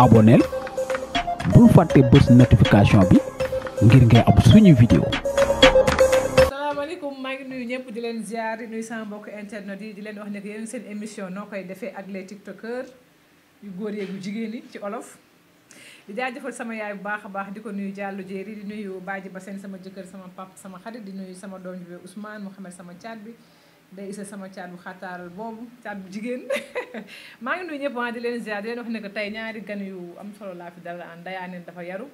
aboneel bul fàtte bës notification bi ngir ngay am suñu vidéo salaamaaleykum maa ngi nuyu ñëpp di leen ziar di nuyu sama mbokk internet yi di leen wax ne yéen seen émission noo koy defee ak les tiktokers yu góor yeeg yu jigéen yi ci olof di jëfal sama yaay bu baax a baax di ko nuyu jàllu jéeri di nuyu baaji ba seen sama jëkkër sama pap sama xarit di nuy sama doom bi Ousmane Mouhamed sama caat bi day isa sama caat bu xataaral boobu caat bu jigéen maa ngi nuyu ñëpp di leen ziar di leen wax ne ko tey ñaari gan yu am solo laa fi dara an dayaa dafa yaru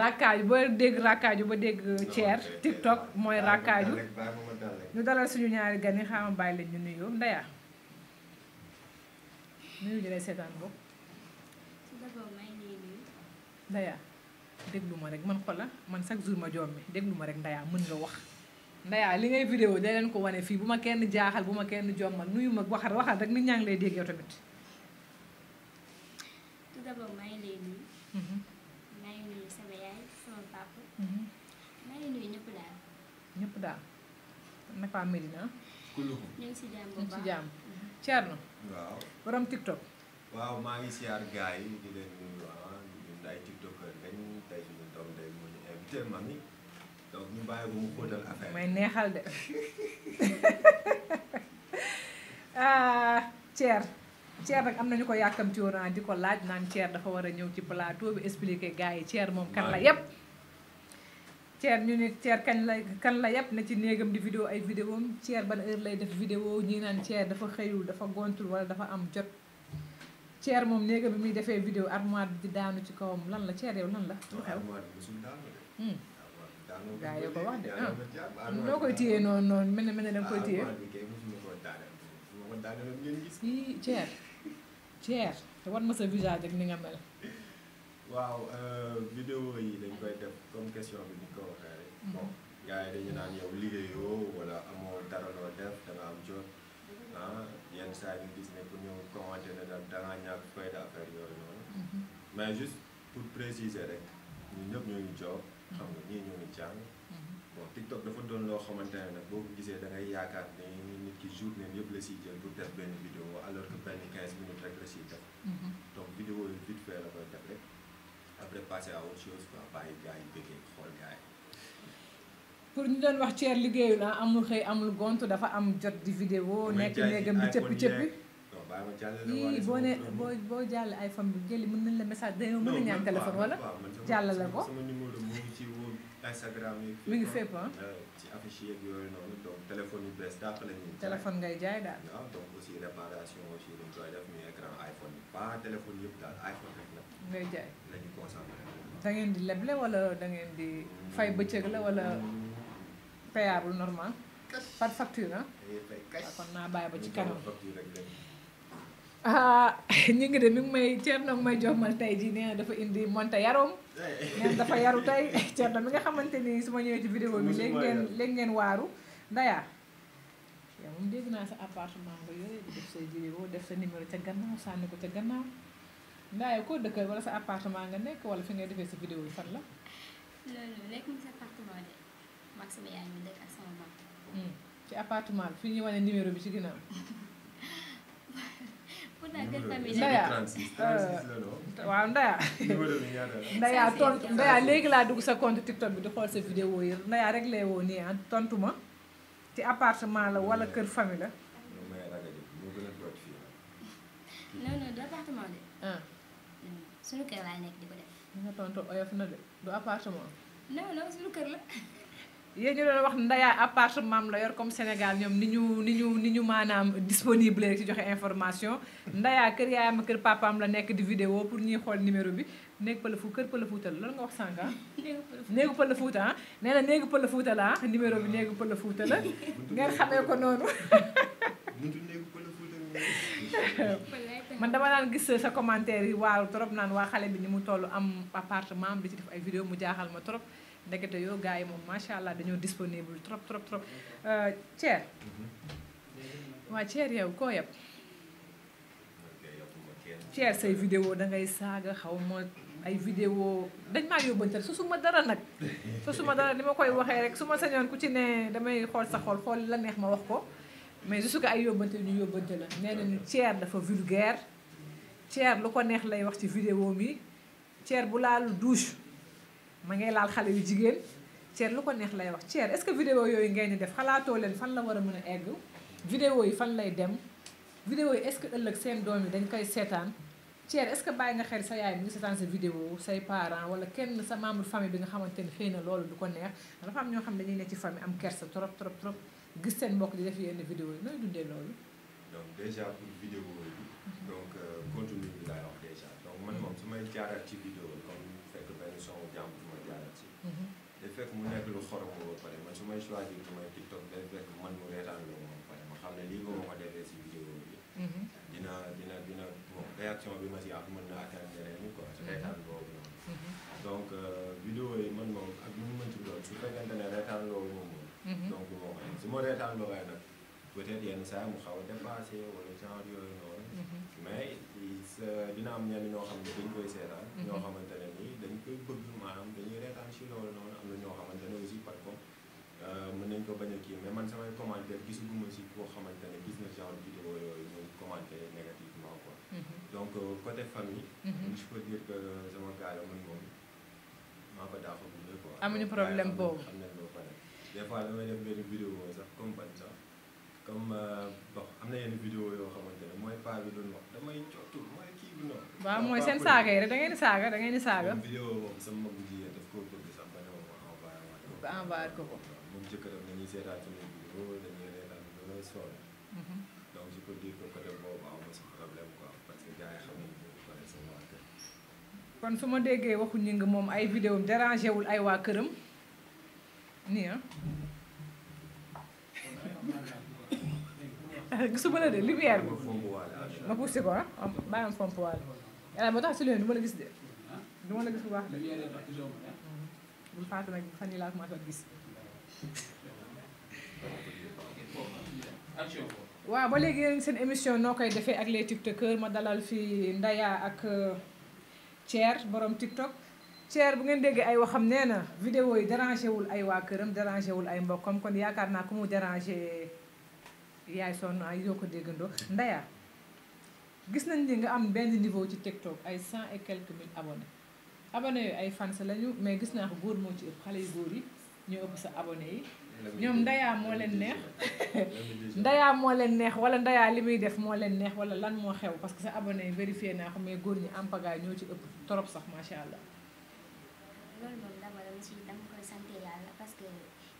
rakkaaju ba dégg rakkaaju ba dégg ceer tiktok mooy rakkaaju ñu dalal suñu ñaari gan yi xaama bàyyi leen ñu nuyu ndaya nuyu ñu lay seetaan boog ndayaa déglu ma rek man xola man chaque jour ma joom mi déglu ma rek ndaya mën nga wax ndayaa li ngay vidéo daleen ko wane fii bu ma kenn jaaxal bu ma kenn jommal nuyu ma waxal waxal rek nit ñaa ngi lay dégg yow tamit. tout d'abord maa ngi lay nuyu. Mhm. maa mhm. daal. ñëpp daal naka Medina. kulluhum ñu ngi si jàmm bu baax ñu ngi si jàmm. Mhm. waaw maa ngi siyaar gars yi di leen nuyu ah ñun ay tiktokeur lañ tey ñu doom day mu ñu invité mami. donc may neexal de ah ceer Thier nag am nañu ko yàkkamti woon ah, di ko laaj naan Thier dafa war a ñëw ci plateau bi expliquer gars yi Thier moom kan la yépp Thier ñu ne Thier kañ la kan la yépp na ci néegam di vidéo ay vidéo am ba na heure lay def vidéo ñi naan Thier dafa xëyul dafa gontul wala dafa am jot Thier moom néegam bi muy defee vidéo armoire bi di daanu ci kawam lan la Thier yow lan la lu xew gaa yoo ko wax de ah noo koy téye noonu noonu mel na mel na da nga koy téye ah, ii Thier Thier te wan ma ni nga mel waaw euh, vidéo yi dañ koy def comme bi ni ko waxee rek mm-hmm. bon gars yi amoo dara loo def ah, saa yi gis ne pour ñu commenté noonu mm-hmm. mais juste pour préciser rek ñun ñëpp ñoo ngi job xam nga ñii ñoo mm-hmm. dafa doon loo xamante ne nag boo ko gisee da ngay yaakaar ne yëpp la siy jël pour def benn vidéo alors que benn 15 minutes rek la siy def. Mm-hmm. donc vidéo yi vite fait la koy def rek pour ñu doon wax Thier liggéeyu naa amul xëy amul gont dafa am jot di vidéo nekk néegam di cëppi cëppi yii boo ne boo boo jàll iPhone bi jëli mën nañ la message dañoo mën a ñaan téléphone wala jàll la ko Instagram mi ngi fépp ah. ci affiche yooyu noonu donc téléphone yu bees dàq la ñuy. téléphone ngay jaay daal. waaw donc aussi réparation aussi dañ koy téléphone yëpp daal la. ngay jaay dangeen di leble wala da ngeen di fay bëccëg la wala payable normal. par facture ah. kon naa bàyyi ba ci kanam. ñingi ah, de mi ngi may nak may jox mal tay ji nee dafa indi monte yarom neen dafa yaru tay tey da mi nga xamanteni suma ñëw ci vidéo bi leg ngeen leg ngeen waru ndaya yow moom dégg na sa appartement nga yoy di def say vidéo def sa numéro ca gannaaw sànni ko ca gannaaw ndaya ko dëkkal wala sa appartement nga nek wala fi ngay defee sa vidéo yi fan la loolu rek mu sa appartement de mag sama yaay mi dëkk ak sama mag ci appartement fi ñuy wane numéro bi ci ginnaaw Ndaya waaw Ndaya Ndaya tontu Ndaya léegi laa dugg sa compte TikTok bi di xool sa vidéo yi Ndaya rek lay woo nii ah tontu ma ci appartement la wala kër famille la. non non du appartement de. Ah. suñu kër laa nekk di ko def. nga tontu oyof na de du appartement. non suñu kër la. yéen ñu doon wax ndaya appartement la yor comme Sénégal ñoom ni ñu ni ñu ni ñu maanaam disponible rek ci joxe information ndaya kër yaayam kër papaam la nekk di vidéo pour ñuy xool numéro bi néegu pël fu kër pël fuuta la loolu nga wax sànq ah néegu pël fuuta ah nee na néegu pël fuuta la ah? numéro bi néegu pël fuuta la ngeen xamee ko noonu man dama daan gis sa commentaire yi trop naan waa xale bi ni mu toll am appartement am di ci def ay vidéo mu jaaxal ma trop ndekete yoo gars yi moom macha allah dañoo disponible trop trop trop euh, Thier mhm. waa Thier yow koo yeb Thier say vidéo da saaga xaw ma ay vidéo dañ maa yóbbante su suma dara nag su suma dara ni ma koy waxee rek su ma sañoon ku ci ne damay xool sa xool xool la neex ma wax ko mais su ko ay yóbbante ñu yóbbante la nee ñu Thier dafa vulgaire Thier lu ko neex lay wax ci vidéo mi Thier bu laalu douche mangay laal xale yu jigéen cher lu ko neex lay wax cher est-ce que vidéo yooyu ngay ne def xalaatoo leen fan la war a mën a egg vidéo yi fan lay dem vidéo yi est-ce que ëllëg seen doom yi dañ koy seetaan cher est-ce que bàyyi nga xel sa yaay mi ngi seetaan sa vidéo say parents wala kenn sa membre famille bi nga xamante ni xëy na loolu du ko neex dafa am ñoo xam dañuy ne ci famille am kersa trop trop trop gis seen mbokk di def yenn vidéo yi nooy dundee loolu donc déjà pour vidéo yi donc contenu bi laay wax déjà donc man moom su may jaaraat ci vidéo fekk mu nekk lu xorom ba man su may choisir lu ma xam ne lii nga ma ko defee si vidéo bi. Mhm. dina dina dina bon réaction bi ma si am mën na atteindre ñeneen ñi quoi si mhm. reetaan boobu noonu. Mhm. donc euh, vidéo yi man moom ak nu mu mënti doon su fekkente ne reetaan loolu moom moom. donc moo koy su nag peut-être yenn saa mu xaw a dépassé wala genre yooyu noonu. mais dina am ñenn ñoo xam ne dañ koy seetaan. ñoo xamante ne dañ koy bëgg. ci loolu noonu am na ñoo xamante ne aussi par contre euh, mën nañ ko bañ a kii mais man samay commentaire si koo xamante ne gis na genre vidéo yooyu muy commenter négativement quoi. Mm-hmm. donc euh, côté famille. Mm-hmm. je peux dire que sama gars la man moom maa ko daa fa guddee quoi. amuñu problème boobu am nañ ba pare des fois damay def euh, ne mooy paa bi doon wax damay cottu mooy kii bi noonu. waaw mooy seen saaga yi rek da saaga da ngeen saaga. ba envoyé ko ko. moom jëkkëram dañuy seetaan ci biir vidéo dañuy reetaan ba nga sonn. donc je peux dire que côté boobu aw ma si problème quoi parce que gars yi xam nañu ko pare sama waa kër. kon su ma déggee waxu ñu nga moom ay vidéo dérangé wul ay waa këram nii ah. gisuma la de lumière bi ma poussé ko ah bàyyi ma fomp waale yàlla moo tax si léegi du ma la gis de du ma la gis bu baax de. bu faatu nag fan yi laa commencé gis waaw ba léegi yéen seen émission noo koy defee ak te tiktokers ma dalal fi Ndaya ak euh, Thier borom tiktok Thier bu ngeen déggee ay waxam nee na vidéo yi dérangé wul ay waa këram dérangé wul ay mbokkam kon yaakaar naa ku mu dérangé yaay sonn ay yoo ko déggandoo Ndaya gis nañ ni nga am benn niveau ci tiktok ay cent et quelques mille abonnés abonné ay fans lañu mais gis na ko góor mo ci ëpp xale yu góor yi ñu ëpp sa abonné yi ñom ndaya mo leen neex ndaya mo leen neex wala ndaya limuy def mo leen neex wala lan mo xew parce que sa abonné vérifié na ko mais góor ñi am paga ño ci ëpp torop sax ma sha allah. loolu moom dama la aussi dama koy sant yàlla parce que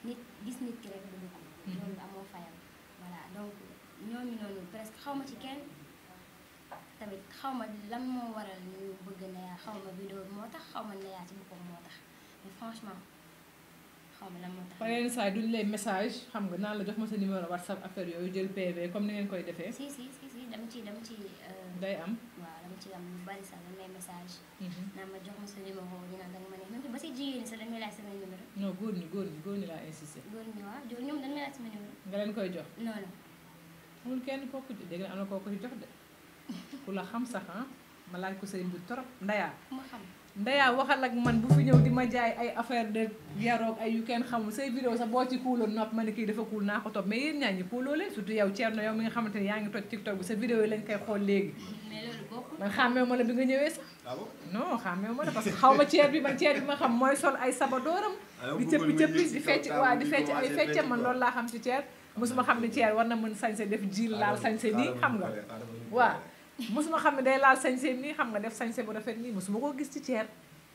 nit gis nit ki rek bëgg ko. loolu amoo fayam voilà donc ñooñu noonu presque xawma ci kenn. tamit xaw ma lan moo waral ñu bëgg na xaw ma vidéo bi moo tax xaw ma Néha ci boppam moo tax mais franchement xaw ma lan moo tax. yeneen saa yi duñ lay message xam nga naan la jox ma sa numéro WhatsApp affaire yooyu jël comme ni ngeen koy defee. si si si ci dama ci. Euh, day am waaw ci am lu bari sax mhm. jox ma sa numéro ñu naan da nga ma ne même ba si jigéen ñi sax dañ may laaj sama numéro. non góor ñi góor ñi góor ñi laa insisté. góor ñi waaw ñoom dañ may laaj sama nga leen koy jox. non non. amul kenn kooku dégg na am na kooku ci jox de kula xam sax ah ma laaj ko serigne bu torop ndaya ma xam ndaya waxal ak man bu fi ñew di ma jaay ay affaire de ak ay yu kenn xamul sey vidéo sax bo ci kuuloon nopp man ki dafa kuul naa ko topp mais yeen ñaan ñi kuuloo leen surtout yow cierno yow mi nga xamanteni yaangi toj tiktok bi sa vidéo yi lañ koy xol léegi man xàmmee ma la bi nga ñewé sax ah non xàmmee ma la parce que xawma cier bi man cier bi ma xam moy sol ay sabadoram ah di cepp cepp di fecc wa di fecc ay fecc man loolu la xam ci cier musuma xam ni cier war na mën sañse def jil laal sañse ni xam nga wa mosuma xam ne day laal sañse nii xam nga def sañse bu rafet nii mosuma koo gis ci ceer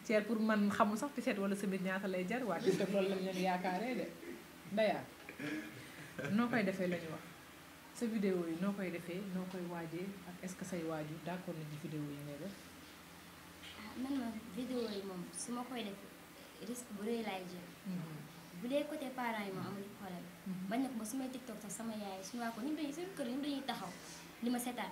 ceer pour man xamul sax ti wala sabit ñaata lay jar waa def loolu lañ leen yaakaaree de noo koy defee la ñu wax vidéo yi noo koy defee noo koy waajee ak est-ce que say waaju d'accord na ci vidéo yi ngay def ah man ma ma koy def risque bu rëy laay jël mm-hmm. bu dee yi moom amul problème mm-hmm. bañ na ko sama yaay suñu waa ko ñun dañuy suñu kër ñun dañuy taxaw li ma seetaan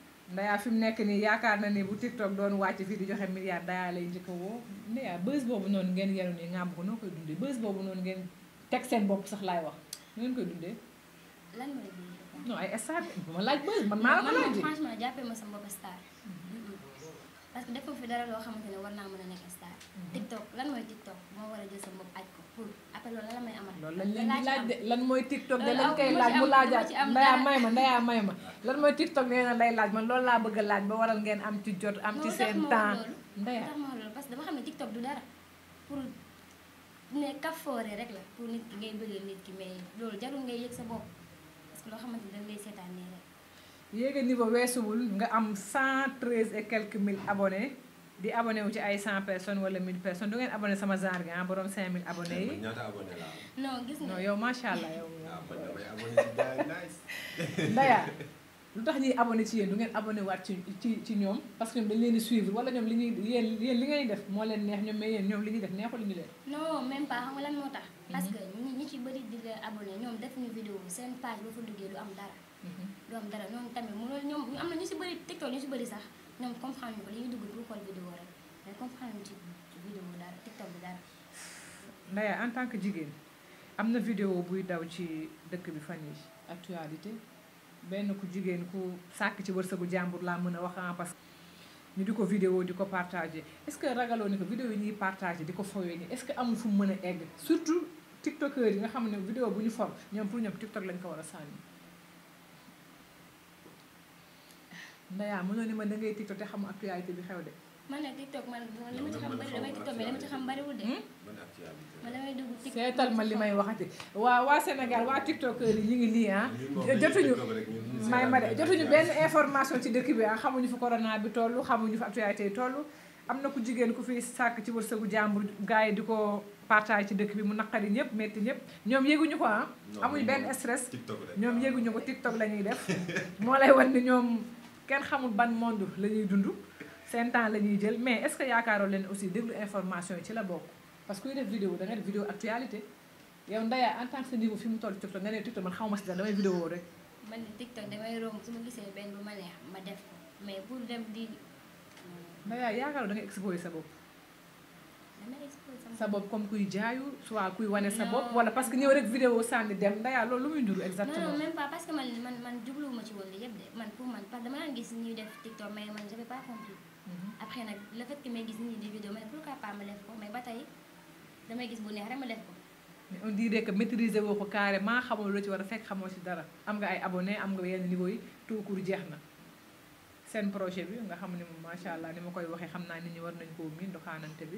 Ndeya fi mu nekk nii yaakaar na ni bu TikTok doon wàcc fii di joxe milliard Ndeya lay njëkk a woo Ndeya ah, bés boobu noonu ngeen yenu nii ngàmb ko noo koy dundee bés boobu noonu ngeen teg seen bopp sax laay wax nu ngeen koy dundee. lan nga dundee. non ay star bu ma laaj bés man maa la ko ma sama bopp star. parce que def fi dara loo xamante ne war naa a nekk mm-hmm. TikTok lan mooy TikTok moo war a jël sa bopp aj ko après loolu la lañ leen di lan mooy TikTok de lañ koy laaj mu laajaat ndayaa may ma ndayaa may ma lan mooy TikTok nee na lay laaj man loolu laa bëgg laaj ba waral ngeen am ci jot am ci seen temps ndayaa tax ma loolu parce que dama xam ne TikTok du dara pour ne rek pour nit ki ngay bëggee nit ki loolu jarul ngay yëg sa bopp parce que loo xamante ni da ngay seetaan nii rek yéega niveau weesuwul nga am cent treize et quelques mille abonnés di abonné wu ci ay cent personnes wala mille personnes du ngeen abonné sama genre gi ah borom cinq mille abonnés yi. ñaata gis nga yow macha allah yow. ah lu tax ñuy abonné ci yéen du ngeen abonné waat ci ci ci ñoom parce que ñoom dañ leen di suivre wala ñoom li ñuy yéen yéen li ngay def moo leen neex ñoom mais yéen ñoom li ñuy def neexul ñu leen. non même pas xam nga lan moo tax. Mhm. parce ñi ñi ci bëri di la abonné ñoom def ñu vidéo seen page boo fa duggee du am dara. Mhm. du am dara ñoom am na si bëri TikTok ñu si bëri sax ñoom comprendre ñu ko li ñu dugg du xool vidéo rek mais comprendre ñu ci tiktok bi dara. Ndaya en tant que jigéen am na vidéo buy daw ci dëkk bi fan yi actualité benn ku jigéen ku sàkk ci war wërsëgu jàmbur laa mën a wax en ah, parce que ñu di ko vidéo di ko partagé est ce que ragaloo ni ko vidéo yi ñuy partagé di ko foyee nii est ce que amul fu mu mën a egg surtout tiktokeur yi nga xam ne vidéo bu ñu for ñoom pour ñoom tiktok lañ ko war a sànni. Ndeya mënoo ne ma da TikTok te ma li ma ci xam bëriwul de. Hmm? man damay dugg TikTok seetal ma li may waxati waa waa Sénégal waa TikTokers ñu ngi nii ah. information ci dëkk bi ah xamuñu fu corona bi toll xamuñu fu actualité yi am na ku jigéen ku fi sàkk ci wërsëgu jàmbur gars yi di ko partage ci dëkk bi mu naqari ñëpp metti ñëpp ñoom yëguñu ko ah. amuñu benn stress ñoom yéguñu ko TikTok la ñuy def moo lay wan ni ñoom. kenn xamul ban monde la ñuy dund seen temps la ñuy jël mais est-ce que yaakaaroo leen aussi déglu information yi ci la bokk parce que kuy def vidéo da ngay def vidéo actualité yow Ndaya en tant que fi mu toll TikTok nga ne TikTok man xamuma si dara damay vidéo rek. man TikTok damay romb su ma gisee benn bu ma neex ma def ko mais pour dem di. Ndaya yaakaaroo da exposé sa bopp. sa bopp comme kuy jaayu soit kuy wane sa bopp. wala parce que ñëw rek vidéo sànni dem ndaya loolu lu muy ndur exactement. non non même pas parce que man man man jubluwuma ci woon li yëpp de man pour man parce que dama gis ñuy def TikTok mhm. nag le fait que may gis nit ñi ma def ko mais ba tey damay gis bu neex rek ma def ko. on dirait que woo ko carrément xamoo lu ci war a fekk xamoo ci dara am nga ay abone am nga yenn niveau yi tout court jeex na seen projet bi nga xam ne moom macha allah ni ma koy waxee xam naa nit ñi war nañ koo miin doxaanante bi.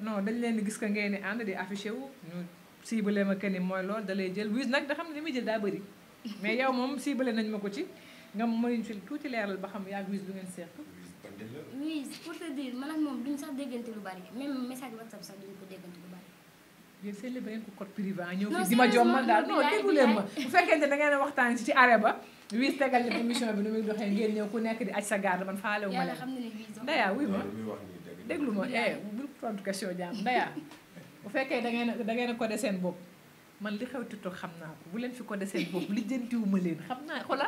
non dañ leen di gis que ngeen di ànd di affiché wu ñu ciblé ma que ni mooy loolu da jël Wiz nag da xam ne li muy jël daa bëri mais yow moom ciblé nañ ma ko ci nga mën ci tuuti leeral ba xam yaa Wiz lu ngeen seq. Wiz pour te dire man ak moom duñ sax déggante lu bari même message WhatsApp sax duñ ko déggante lu bari. yéen seen lépp da ngeen ko code privé ah, ñëw fi di ma jom daal non déglu ma bu fekkente da ngeen waxtaan ci arrêt ba Wiz tegal ne émission bi nu muy doxee nekk di sa garde man faalewu ma leen daya wuy ma déglu eh, tontu question jàmm ndayaa bu fekkee da ngeen da ngeen a codé seen bopp man li xew TikTok xam naa ko bu leen fi codé seen bopp lijjantiwuma leen xam naa xoola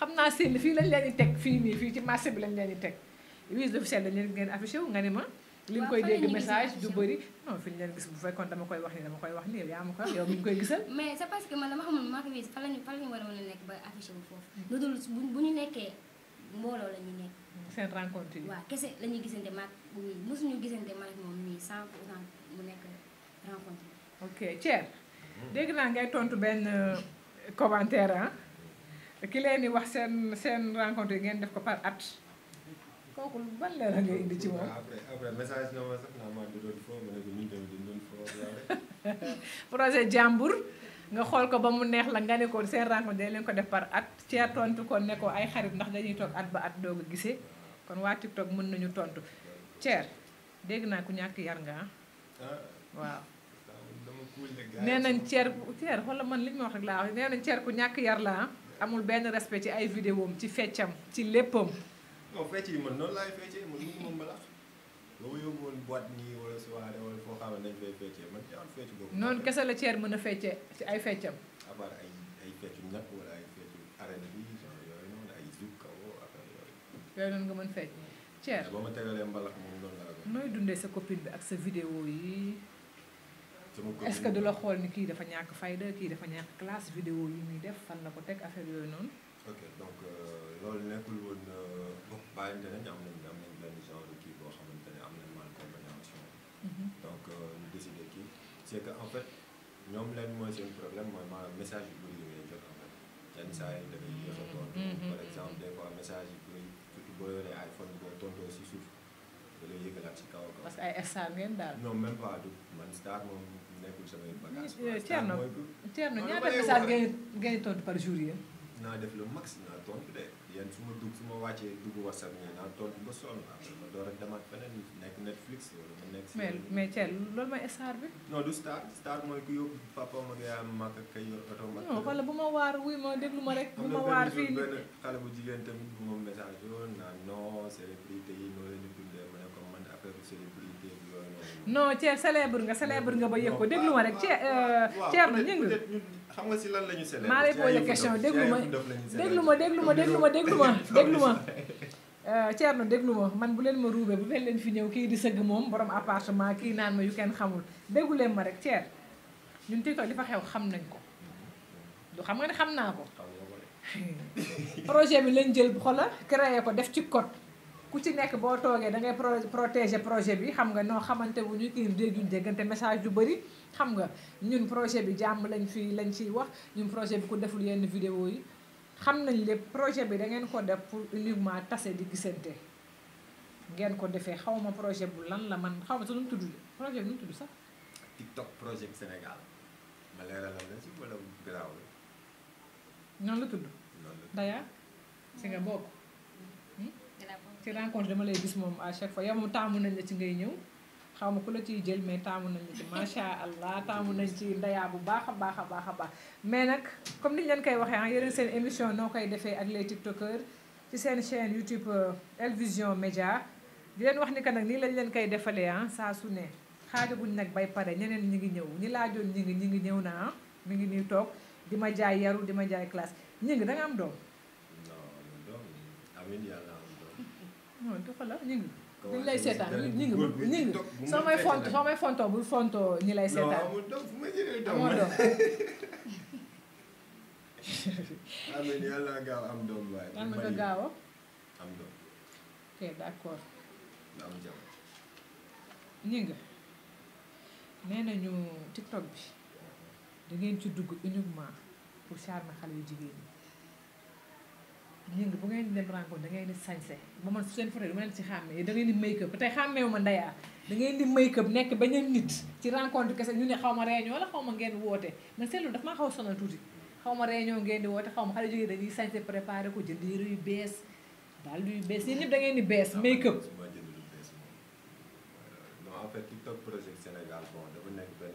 xam naa seen fii lañ leen di teg fii nii fii ci marché bi lañ leen di teg huile d'officine dañ leen ngeen affiché wu gis bu fekkoon dama koy wax ni dama koy wax ni yow yaa ma koy wax yow mi ngi koy gisal mais c'est parce que man dama xamul maa ko gis fa lañu fa lañu war a mën a nekk ba affiché foofu bu ñu nekkee mbooloo la ñuy nekk seen rencontre yi kese la ñuy gisante maag oui mosuñu gisante man ak moom nii sans pourtant mu nekk rencontre. ok Thier dégg naa ngay tontu benn euh, commentaire a ki leen di wax seen seen rencontre ngeen def ko par at. kooku ban leeral ngay indi ci moom. après message nga ma sax naa projet jàmbur nga xool ko ba mu neex la nga ne ko seen rencontre dañ leen ko def par at Thier tontu kon ne ko ay xarit ndax dañuy toog at ba at doog a gisee kon waa TikTok mën nañu tontu. Thierre dégg naa ku ñàkk yar nga ah. waaw nee nañ Thierre Thierre xoolal man li ñu ma wax rek laa wax nee nañ Thierre ku ñàkk yar laa ah. amul benn respect ci ay vidéom ci feccam ci léppam yi noonu ma mbalax ba ma yóbbu woon boîte nii wala soirée wala noonu kese la Thierre mën a feccee ci ay feccam à part nga mën fecc Thierno ba ma tegalee mbalax moom loolu laa ko. nooy dundee sa copine bi ak sa vidéo yi. est-ce que du la xool ni ki dafa ñak fayda ki dafa ñak classe vidéo yi ni def fan la ko teg affaire yoy non? ok donc euh, loolu nekul won euh, bon bàyyante nañ am nañ am nañ benn genre kii boo xamante am nañ mal compréhension. Mhm. donc euh, ñu décidé kii c'est que en fait ñom leen mooy seen problème mooy maanaam message yu bëri yi ngay jot en fait yenn saa yi dafay yéex mhm. par exemple des fois message boo yoree iPhone boo tontoo si suuf da lay yëgalaat si kaw kaw. parce que ay star ngeen daal. non même pas du man star moom nekkul samay bagage. Thierno Thierno ñaata message ngay ngay tontu par jour yéen. naa def le max naa tontu de. yéen su ma dugg su ma wàccee dugg whatsapp ñu naan tontu ba sonn après ma door a demaat feneen nekk Netflix wala mu nekk. si mais mais Thiel loolu mooy star mooy ku yóbbu papa ma nga yaayam mag kay yor oto ma. non wala bu ma waar wuy ma déglu ma rek. bu ma waar fii am na benn xale bu jigéen tamit bu ma message yoon naan non célébrité yi noo leen dundee ma ne ko man affaire célébrité bi noonu. non Thiel célèbre nga célèbre nga ba yëg ko déglu ma rek Thiel euh, Thierno Gningue. xam nga si lan la ñu célèbre maa lay posé question déglu ma déglu ma déglu ma déglu ma déglu ma déglu euh, ma Thierno déglu ma man bu leen ma ruube bu leen leen fi ñëw kii di sëgg moom borom appartement kii naan ma yu kenn xamul déglu leen ma rek Thierno ñun TikTok li fa xew xam nañ ko du xam nga ne xam naa ko projet bi lañ jël xola créé ko def ci code ku ci nekk boo toogee da ngay protéger projet bi xam nga noo xamante wu ñu kii dégguñ déggante message yu bëri xam nga ñun projet bi jàmm lañ fi lañ ciy wax ñun projet bi ku deful yenn vidéo yi xam nañ lépp projet bi da ngeen ko def pour uniquement tase di gisante ngeen ko defee xawma projet bu lan la man xaw ma sa nu tudd projet bi nu tudd sax. TikTok projet bi Sénégal ma leeralal la si wala garaaw la. noonu la tudd. noonu la daya si nga bokk. ci rencontre dama lay gis moom à chaque fois yow moom taamu nañ la ci ngay ñëw xaw ma ku la ciy jël mais taamu nañ la ci macha allah taamu nañ ci ndeyaa bu baax a baax a baax a baax mais nag comme niñ leen koy waxee ah yéen seen émission noo koy defee ak les tiktokers ci seen chaîne YouTube euh, Elvision Média di leen wax ni que nag nii lañ leen koy defalee ah saa su ne xaajaguñ nag bay pare ñeneen ñi ngi ñëw ñi laajoon ñi ngi ñi ngi ñëw naa ah ngi nii toog di ma jaay yaru di ma jaay classe ñi ngi da am doom. non dafa la ñu ngi. ñu ngi lay seetaan ñu ngi ñu soo may fonto soo may fonto bul fonto ñi lay seetaan. non doom fu ma jëlee doom amoo gaaw am doom waay. am na ko gaaw a. ok d'accord. na ñu ngi nee nañu TikTok bi da ngeen ci dugg uniquement pour charmer xale yu jigéen ñi. yéen bu ngeen dem rencontre da ngeen di sañse ba man su seen photo du ma leen si xàmmee da di make up tey xàmmeewu ma ndeyaa da ngeen di make up nekk beneen nit ci rencontre kese ñu ne xaw ma réunion la xaw ma ngeen woote man seetlu daf maa xaw a sonal tuuti xaw ma réunion ngeen di woote xaw ma xale jógee dañuy sañse préparé ko jënd yëre yu bees daal yu bees yéen ñëpp da ngeen di bees ah, make up euh, en fait TikTok projet Sénégal bon dafa nekk benn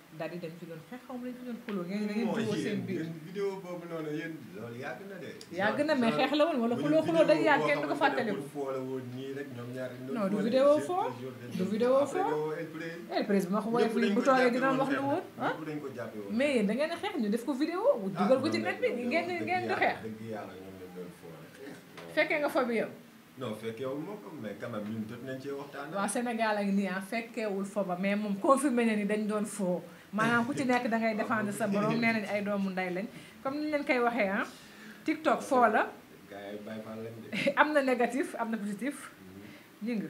daal di dañ fi doon xeex xaw ma dañ fi doon xuloo ngeen da ngeen yàgg na de na xeex la woon wala xuloo xuloo dañ yàgg kenn du ko fàttaliku foo la woon nii rek ñoom ñaar non du ma ko wooyee bu toogee wax lu woon ah mais yéen xeex ñu def ko vidéo dugal ko ci net bi ngeen ngeen du xeex fekkee nga fa bi yow non fekkeewul moom comme mais quand même ñun jot nañ cee waxtaan waaw Sénégal ak nii ah fekkeewul fo ba mais moom koo confirmé na ni dañ doon foo maanaam ku ci nekk da ngay défendre sa borom nee nañ ay doomu nday lañ comme ni leen koy waxee ah TikTok foo la am na négatif am na positif ñu ngi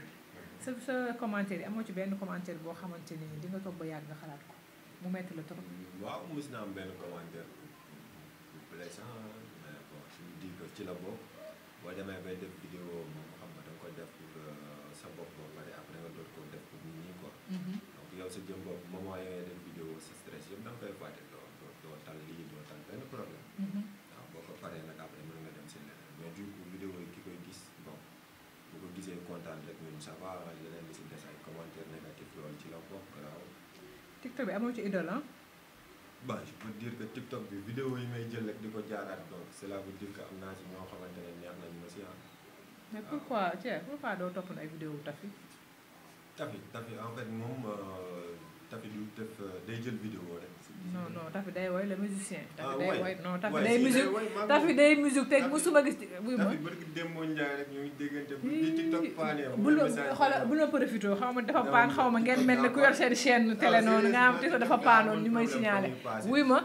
sa sa commentaire yi amoo ci benn commentaire boo xamante ni di nga toog ba yàgg nga xalaat ko mu metti la trop. waaw mos naa am benn commentaire bu plaisant mais bon je me dis que ci la bokk boo demee bay def vidéo yow sa jëm bopp moment yooyu def vidéo sa stress yëpp da nga koy fàtte doo ko paree nag après nga dem si leneen mais du coup vidéo yi ki koy gis bon bu ko gisee kontaan rek ñun ça va leneen li si des ay commentaire négatif loolu ci la bokk garaaw TikTok bi amoo ci idole ah bon je peux dire que bi vidéo yi may jël rek di ko jaaraat donc cela veut dire que am naa si ñoo xamante ne neex nañu ma si ah mais pourquoi Thier pourquoi doo topp ay vidéo tafi Tafi Tafi en fait moom euh, Tafi du def euh, day jël vidéo rek. non non Tafi day woy le musicien. ah woy Tafi day woy non Tafi day musique Tafi day musique gis. buy ma Tafi barki Demba Ndiaye bu la xoolal bu la profité xaw ma dafa paan xaw ma ngeen mel ni ku yor seen chaîne ah, télé noonu nga am TikTok dafa paanoon ñu may signalé wuy ma.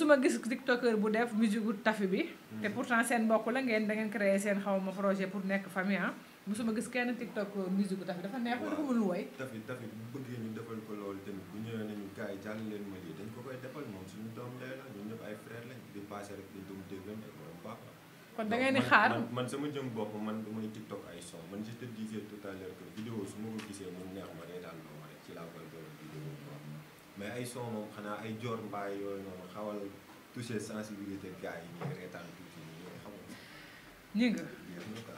suma gis tiktokeur bu def musique tafi bi. Hmm. te pourtant seen bokk la ngeen da ngeen créé seen xaw ma projet pour nekk famille ah. musuma gis kenn tiktok musique bu taf dafa neex dafa mënul woy tafi tafi bu bëggee ñu defal ko loolu tamit bu ñëwee nañu gars yi jàll leen ma lii dañ ko koy defal moom suñu doom ndey la ñun ñëpp ay frère lañ di passé rek di dum déggan da ngeen di xaar man sama jëm bopp man damay man ma ko gisee mu neex ma day daal loo ma rek ci laa koy doon vidéo quoi mais ay son moom xanaa ay joor mbaay yooyu noonu xawal touché sensibilité gars yi ñuy ñu nga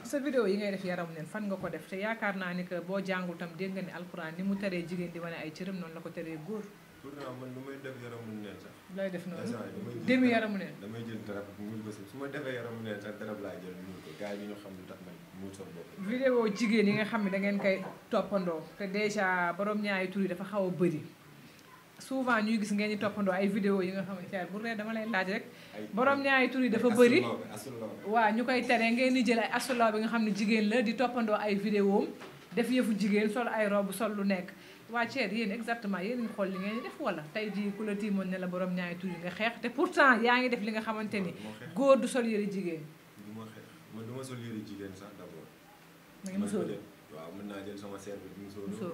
sa vidéo yi ngay def yaram leen fan nga ko def te yaakaar naa ni que boo jàngul tam dégg nga ni alxuraan mu teree jigéen di wane ay cëram noonu la ko teree góor. pourtant man lu may def yaramu neen sax. lay def noonu demi yaramu neen damay jël darab muur ko su ma defee yaramu neen sax darab laa jël muur xam lu tax man muur jigéen yi nga xam ne da ngeen koy toppandoo te dèjà borom ñaari tur yi dafa xaw a bëri. souvent ñuy gis ngeen di toppandoo ay vidéo yi nga xamante ne bu dee dama rek borom ñaari tur yi dafa bëri waaw ñu koy tere ngeen di jël ay asulaaw bi nga xam ne jigéen la di toppandoo ay vidéo def yëfu jigéen sol ay robe sol lu nekk waa Thier yéen exactement yéen ñu xool li ngeen di def wala tey jii ku la tiimoon ne la borom ñaari tur yi nga xeex te pourtant yaa ngi def li nga xamante ni góor du sol yëre jigéen du sol yëre jigéen sax d'abord da nga musóor waaw mën naa jël sama serve bi musóor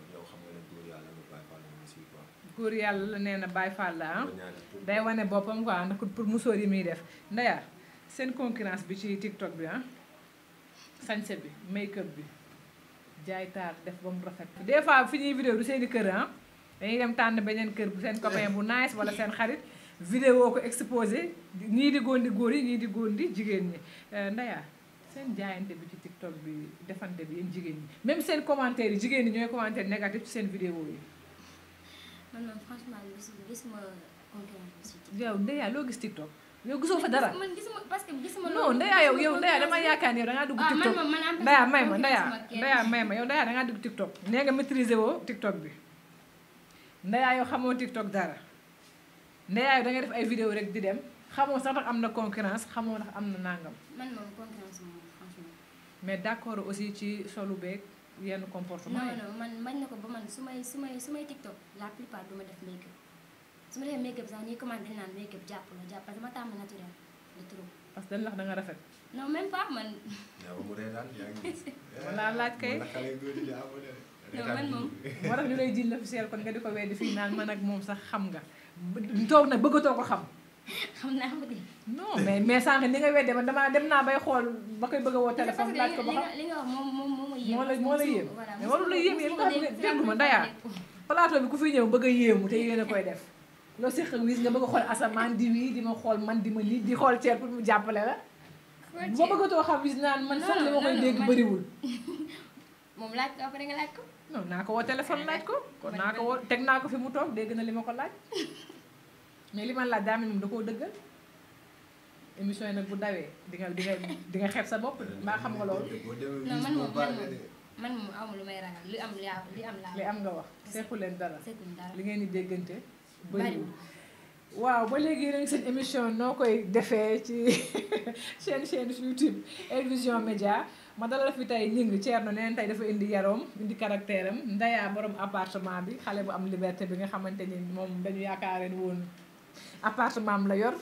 góor yàlla la nee na Baye ah. day wane boppam na ko pour musóor yi muy def ndaya seen concurrence bi ci TikTok bi ah sañse bi make-up bi jaay taar def ba mu rafet des fois fi ñuy vidéo du seeni kër ah dañuy dem tànn beneen kër bu seen copain bu nice wala seen xarit vidéo ko exposé ñii di góondi góor yi ñii di góondi jigéen ñi euh, ndaya seen jaayante bi ci TikTok bi defante bi yéen jigéen ñi même seen commentaire yi jigéen ñi ñooy commentaire négatif ci seen vidéo yi man moom franchement gisuma concurrence. yow Ndeya loo gis TikTok. yow gisoo fa dara man gisuma parce que gisuma. non Ndeya yow yow Ndeya dama yaakaar ni yow da ngaa dugg. Ah, TikTok man man may ma Ndeya Ndeya may ma yow Ndeya da ngaa dugg TikTok. nee nga maîtriser woo TikTok bi Ndeya yow xamoo TikTok dara Ndeya yow da def ay vidéo rek di dem xamoo sax ndax am na concurrence xamoo ndax am na nangam. man moom concurrence moom franchement. mais d'accord aussi ci solu beeg. yenn comportement non non man mañ na ko ba man sumay sumay sumay tiktok la plupart duma def make up su ma make up sax ni commande dañ naan make up japp la jàpp parce que ma tàmm naturel de trop. parce que dañ la da nga rafet. non même pas man. yow mu re dal yaa ngi. wala laaj kay wala xale góor yi yaa non man moom. moo tax ñu lay jil l'officiel kon nga diko wéddi fi nan man ak mom sax xam nga. tok na bëggatoo ko xam. xam ko de. non mais mais sànq ni nga wéddi ba dama dem na bay xol ba koy bëgg téléphone. laaj ko ba xam li nga wax moo la moo la yéem mais warul la yéem yéen nga xam ne déglu ma ndayaa plateau bi ku fi ñëw bëgg a yéemu te yéen a koy def loo séq ak wiis nga bëgg xool asamaan di wii di ma xool man di ma lii di xool ceer pour mu jàppale la boo bëggatoo xam wiis naan man sax li ma koy dégg bëriwul moom laaj ko après nga laaj ko naa ko woo téléphone laaj ko kon naa ko woo teg naa ko fi mu toog dégg na li ma ko laaj mais li man laaj daa mel moom da koo dëggal émission yi nag bu dawee di nga di nga di sa bopp mbaa xam nga loolu. non man moom man aw ma lu may ragal li am laa li am laa. am nga wax sequ leen dara. li ngeen di déggante bëriwul. waaw ba léegi yéen seen émission noo koy defee ci chaîne chaîne YouTube El Vision Média ma dalal fi tey ñing Thierno neen tey dafa indi yaroom indi caractère am Ndeya borom appartement bi xale bu am liberté bi nga xamante ni moom dañu yaakaare woon appartement am la yor.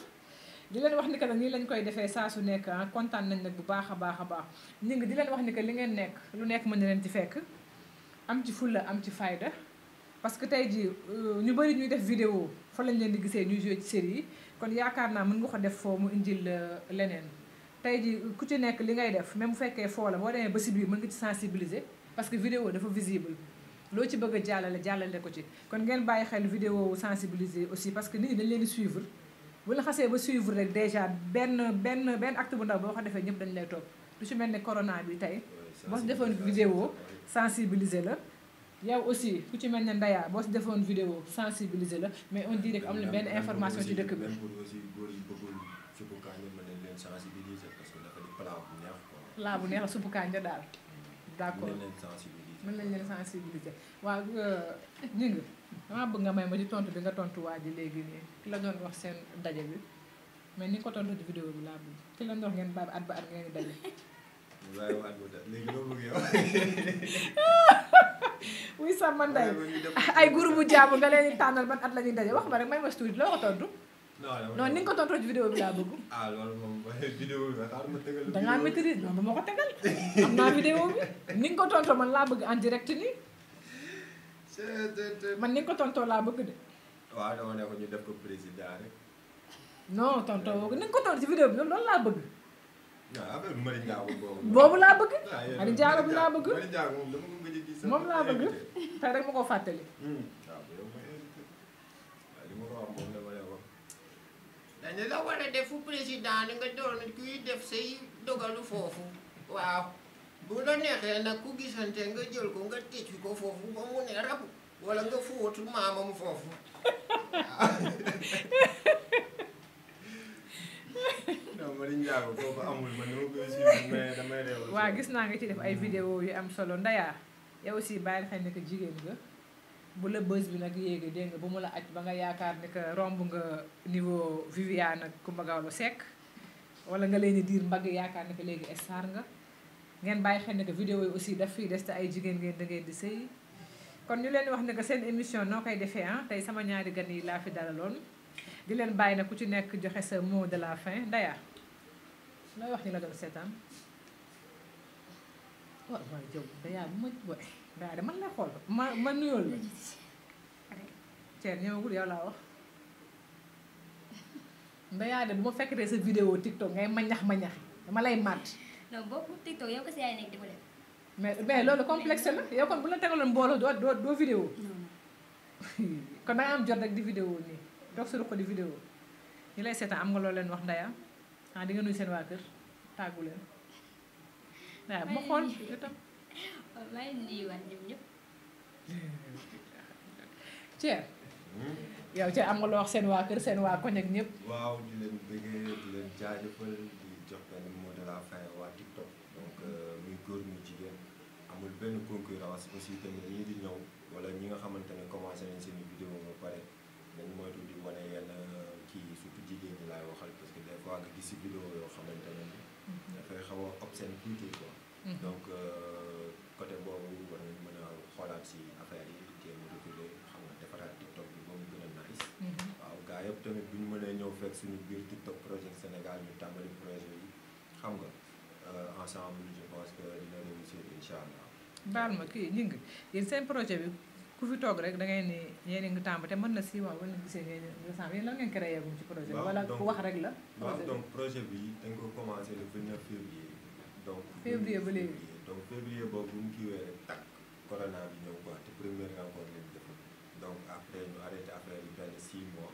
di leen wax ni que nag nii lañ koy defee saa su nekk ah kontaan nañ nag bu baax a baax a baax ñu ngi di leen wax ni que li ngeen nekk lu nekk mën na leen ci fekk am ci fulla am ci fayda parce que tey ji ñu bëri ñuy def vidéo fa lañ leen di gisee ñuy joué ci série yi kon yaakaar naa mën nga ko def foo mu indil leneen tey ji ku ci nekk li ngay def même bu fekkee foo la boo demee ba si biir mën nga ci sensibiliser parce que vidéo dafa visible loo ci bëgg a jàllale jàllale ko ci kon ngeen bàyyi xel vidéo sensibiliser aussi parce que nit ñi dañ leen di suivre bu la xasee ba suivre rek déjà benn benn benn acte bu ndaw boo ko defee ñëpp dañ lay topp du ci mel ne corona bi tey boo si defoon vidéo sensibiliser la yow aussi ku ci mel ne Ndaya boo si defoon vidéo sensibiliser la mais on dirait que am na benn information ci dëkk bi laa bu neex la suppu kanja daal d'accord mën nañ leen sensibiliser waaw ñu euh, ngi ah bëgg nga may ma ci tontu bi nga tontu waa ji léegi nii ki la doon wax seen daje bi mais ni ko tontu ci vidéo bi laa bëgg ki la doon wax ngeen baab at ba at ngeen di daje. waaye waa at ba at léegi loo bëgg yow. wuy sama ndey ay guru bu jaamu nga leen di tànnal ban at la ñuy daje wax ma rek may ma studio loo ko tontu. non ni nga ko tontu ci vidéo bi laa bëgg. ah loolu moom vidéo bi xaar ma tegal. da ngaa maîtrise non du ko tegal. am naa vidéo bi ni nga ko tontu man laa bëgg en direct nii. man ni nga ko tontoo laa bëgg de. waaw dama ne ko ñu def ko président rek. non tonto ko ni nga ko tontu ci vidéo bi loolu laa bëgg. bi Mari Njaago boobu. laa bëgg. Mari Njaago bi laa bëgg. Mari moom ko laa bëgg tey rek ma ko fàttali. waaw hmm. ah, yow ma dañu la war a def fu président nga doon kuy def say dogalu foofu waaw. bu la neexee nag ku gisante nga jël ko nga tëj ko foofu ba mu ne rabu wala nga fóotu maamam foofu waaw gis naa nga ci def ay mm. vidéo yu am solo Ndaya yow aussi bàyyi xel ne que jigéen nga bu la bës bi nag yéegi dégg nga bu mu la aj ba nga yaakaar ne romb nga niveau Viviane ak Coumba lu Seck wala nga leen di diir mbagg yaakaar ne que léegi star nga ngeen bàyyi xel ne que vidéo yi aussi daf fiy des te ay jigéen ngeen da ngeen di sëy kon ñu leen wax ne que seen émission noo koy defee ah tey sama ñaari gan yi laa fi dalaloon di leen bàyyi na ku ci nekk joxe sa mot de la fin Ndaya looy wax ñu la doon seetaan waaw man la xool ma man nuyool la Thierno ñëwagul yow laa wax Ndaya de bu ma fekkatee sa vidéo TikTok ngay mañax mañaxi dama lay màtt donc boobu TikTok yow kese mais mais loolu complexe la yow kon bu la tegaloon mbooloo doo doo doo vidéo. kon da nga am jot rek di vidéo nii doog su ko di vidéo ñi lay seetaan am nga loo leen wax ndaya ah di nga nuyu seen waa kër tàggu leen. waaw ma xool itam. yow Thier am nga loo wax seen waa kër seen waa koñ ak ñëpp. la fin waa TikTok donc euh, muy góor muy jigéen amul benn concurrence aussi tamit ñii di ñëw wala ñi nga xamante ne commencé nañ seen vidéo ba pare dañ moytu di wane yenn euh, kii surtout jigéen ñi laay waxal parce que des fois nga gis si vidéo yoo xamante ne mhm. dafay xaw a obscène tuuti quoi mhm. donc euh, côté boobu war nañ mën a xoolaat si affaire yi jéem a reculer xam nga defaraat TikTok bi ba mu gën a nice mhm. waaw gaa yëpp tamit bu ñu mënee ñëw fekk suñu biir TikTok projet Sénégal ñu tàmbali projet yi xam nga euh, ensemble je pense que dina réussir incha allah. seen projet bi ku fi toog rek da ngay ni yéen a ngi tàmb te mën na si waaw wala gisee ngeen ensemble yéen lan ngeen créé ci projet bi. wala ku wax rek la. projet donc projet bi dañ ko commencé le 29 février. donc février ba léegi donc février boobu bu mu kiiwee rek tàkk corona bi ñëw quoi te première rencontre lañ defoon donc après ñu arrêté affaire yi benn 6 mois.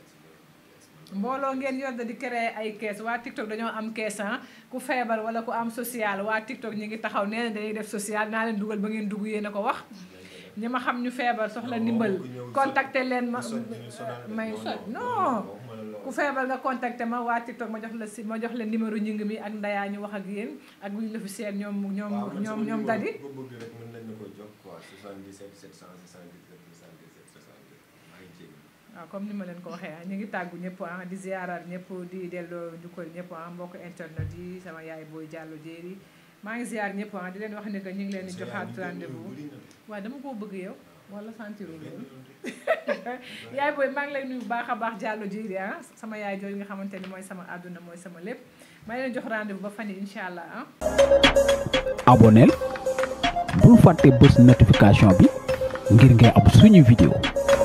mbolo ngeen yor da di créer ay caisse wa TikTok dañu am caisse kees ah, ku feebar wala ku am social wa TikTok ñi ngi taxaw neena dañuy def social na leen duggal ba ngeen dugg yéen ko wax ñi ma xam ñu feebar soxla nimbal contacter leen ma may so non ku feebar nga contacter ma wa TikTok ma jox la si ma jox la numéro ñi ngi mi ak ndaya ñu wax ak yeen ak bu ñu la fi ñom ñom ñom ñoom ñoom dadi. bëgg rek mën nañ ko jox quoi 77 778 waaw comme ni ma leen ko waxee ah ñu ngi tàggu ñëpp ah di ziarar ñëpp di delloo njukkal ñëpp ah mbokk internet yi sama yaay booy jàllu jéeri maa ngi ziar ñëpp ah di leen wax ne que ñu ngi leen di joxaat rendez-vous waaw dama koo bëgg yow wala sentiru loolu yaay booy maa ngi leen nuyu bu baax a baax jàllu jéeri ah sama yaay jooju nga xamante ni mooy sama àdduna mooy sama lépp maa ngi leen jox rendez-vous ba fan yi incha allah ah aboneel bul fàtte bés notification bi ngir ngay